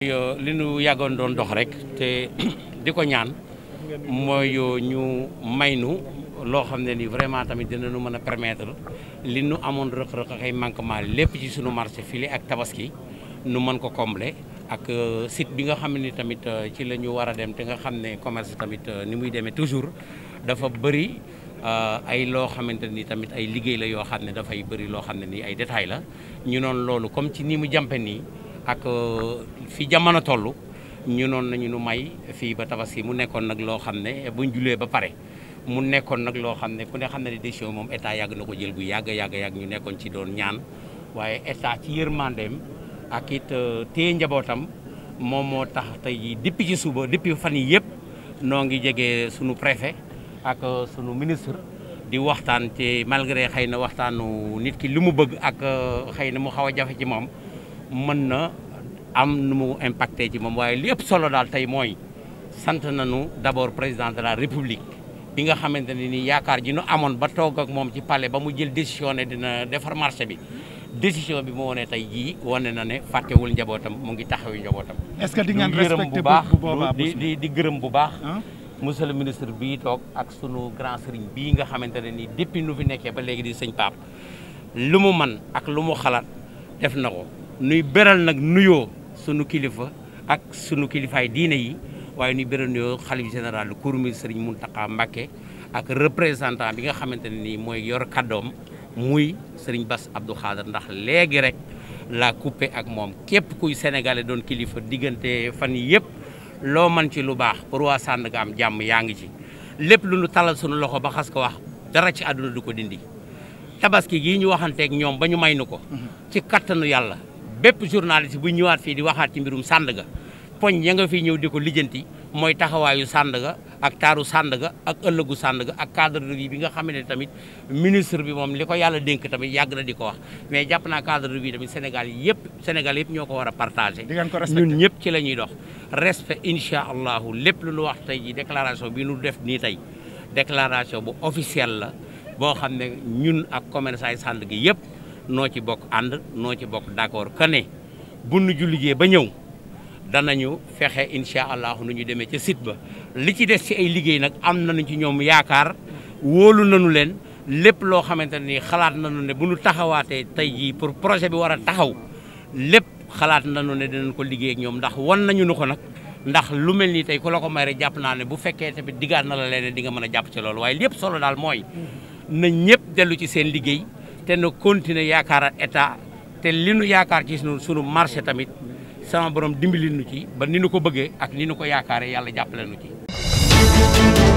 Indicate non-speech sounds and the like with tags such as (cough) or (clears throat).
li nu yàggoon doon dox rek te (clears throat) di ko ñaan mooy ñu maynu loo xam ne nii vraiment tamit dinañu mën a permettre li nu amoon rëq-rëq ak ay manquement lépp ci suñu marché file ak tabaski nu mën ko combler ak euh, site bi nga xam ne tamit euh, ci la ñu war a dem te nga xam ne commerce tamit euh, ni muy demee toujours dafa bëri ay loo xamante nii tamit ay liggéey la yoo xam ne dafay bëri loo xam ne nii ay détails la ñu noonu loolu comme ci ni mu jàmpe nii ak euh, fi jamono toll ñu noonu nañu nu may fii ba tabaski mu nekkoon nag loo xam ne buñ julee ba pare mu nekkoon nag loo xam ne ku ne xam ne décision moom état yàgg na ko jël bu yàgg yàgg yàgg ñu nekkoon ci doon ñaan waaye état ci yër yërmandeem ak it euh, téye njabootam moom moo tax tey jii depuis ci suba depuis fan yi yëpp noo ngi jege sunu préfet ak euh, sunu ministre di waxtaan te malgré xëy na waxtaanu nit ki li mu bëgg ak xëy na mu xaw a jafe ci moom mën na am nu mu impacté ci moom waaye li ëpp solo daal tey mooy sant nañu d'abord président de la république bi nga xamante ne ni yaakaar ji nu amoon ba toog ak moom ci palais ba mu jël décision ne dina defar marché bi décision bi mu wonee tey jii wane na ne fàttewul njabootam mu ngi taxawi njabootam. est-ce que di ngeen respecté bu baax di di di gërëm bu baax. monsieur le ministre bii toog ak sunu grand sëriñ bii nga xamante ne nii depuis nu fi nekkee ba léegi di sëñ Pape lu mu man ak lu mu xalaat def na ko. nuy beral nag nuyoo sunu kilifa ak sunu kilifaay diine yi waaye nuy beral nuyoo xalif général Kourmoul mun Mountakha Mbacké ak représentant bi nga xamante ne nii mooy yor kàddoom muy Serigne Bass Abdou Khadre ndax léegi rek laa coupé ak moom képp kuy sénégalais doon kilifa diggante fan yi yëpp loo man ci lu baax pour waa Sandaga am jàmm yaa ngi ci lépp lu nu talal sunu loxo ba xas ko wax dara ci àdduna du ko dindi tabaski gii ñu waxanteeg ñoom ba ñu may nu ko mm-hmm. ci kattanu yàlla bépp journaliste bu ñëwaat fii di waxaat ci mbirum Sandaga poñ ya nga fi ñëw di ko lijjanti mooy taxawaayu Sandaga ak taaru Sandaga ak ëllëgu Sandaga ak cadre de bi nga xam ne tamit ministre bi moom li ko yàlla dénk tamit yàgg na di ko wax mais jàpp naa cadre de bi tamit Sénégal yëpp Sénégal yëpp ñoo ko war a partagé ñun ñëpp ci la ñuy dox respect incha allahu lépp lu nu wax tey ji déclaration bi nu def nii tey déclaration bu officielle la boo xam ne ñun ak commerçant yi Sandaga yëpp noo ci bokk ànd noo ci bokk d'accord que ne bu nu julligee ba ñëw danañu fexe incha allahu nu ñu demee ca sit ba li ci des ci ay liggéey nag am nañu ci ñoom yaakaar wóolu nañu leen lépp loo xamante nii xalaat nañu ne bu nu taxawaatee tey jii pour projet bi war a taxaw lépp xalaat na nañu ne dinañ ko liggéey ak ñoom ndax wan nañu nu ko nag ndax lu mel nii tey ku la ko may rek jàpp naa ne bu fekkee tamit diggaat na la leen di nga mën a jàpp ci loolu waaye lépp solo daal mooy na ñëpp dellu ci seen liggéey. te nu continuer yaakaar état te li nu yaakaar ci sunu sunu marché tamit sama borom dimbali nu ci ba ni nu ko bëggee ak ni nu ko yaakaare yàlla jàppale nu ci.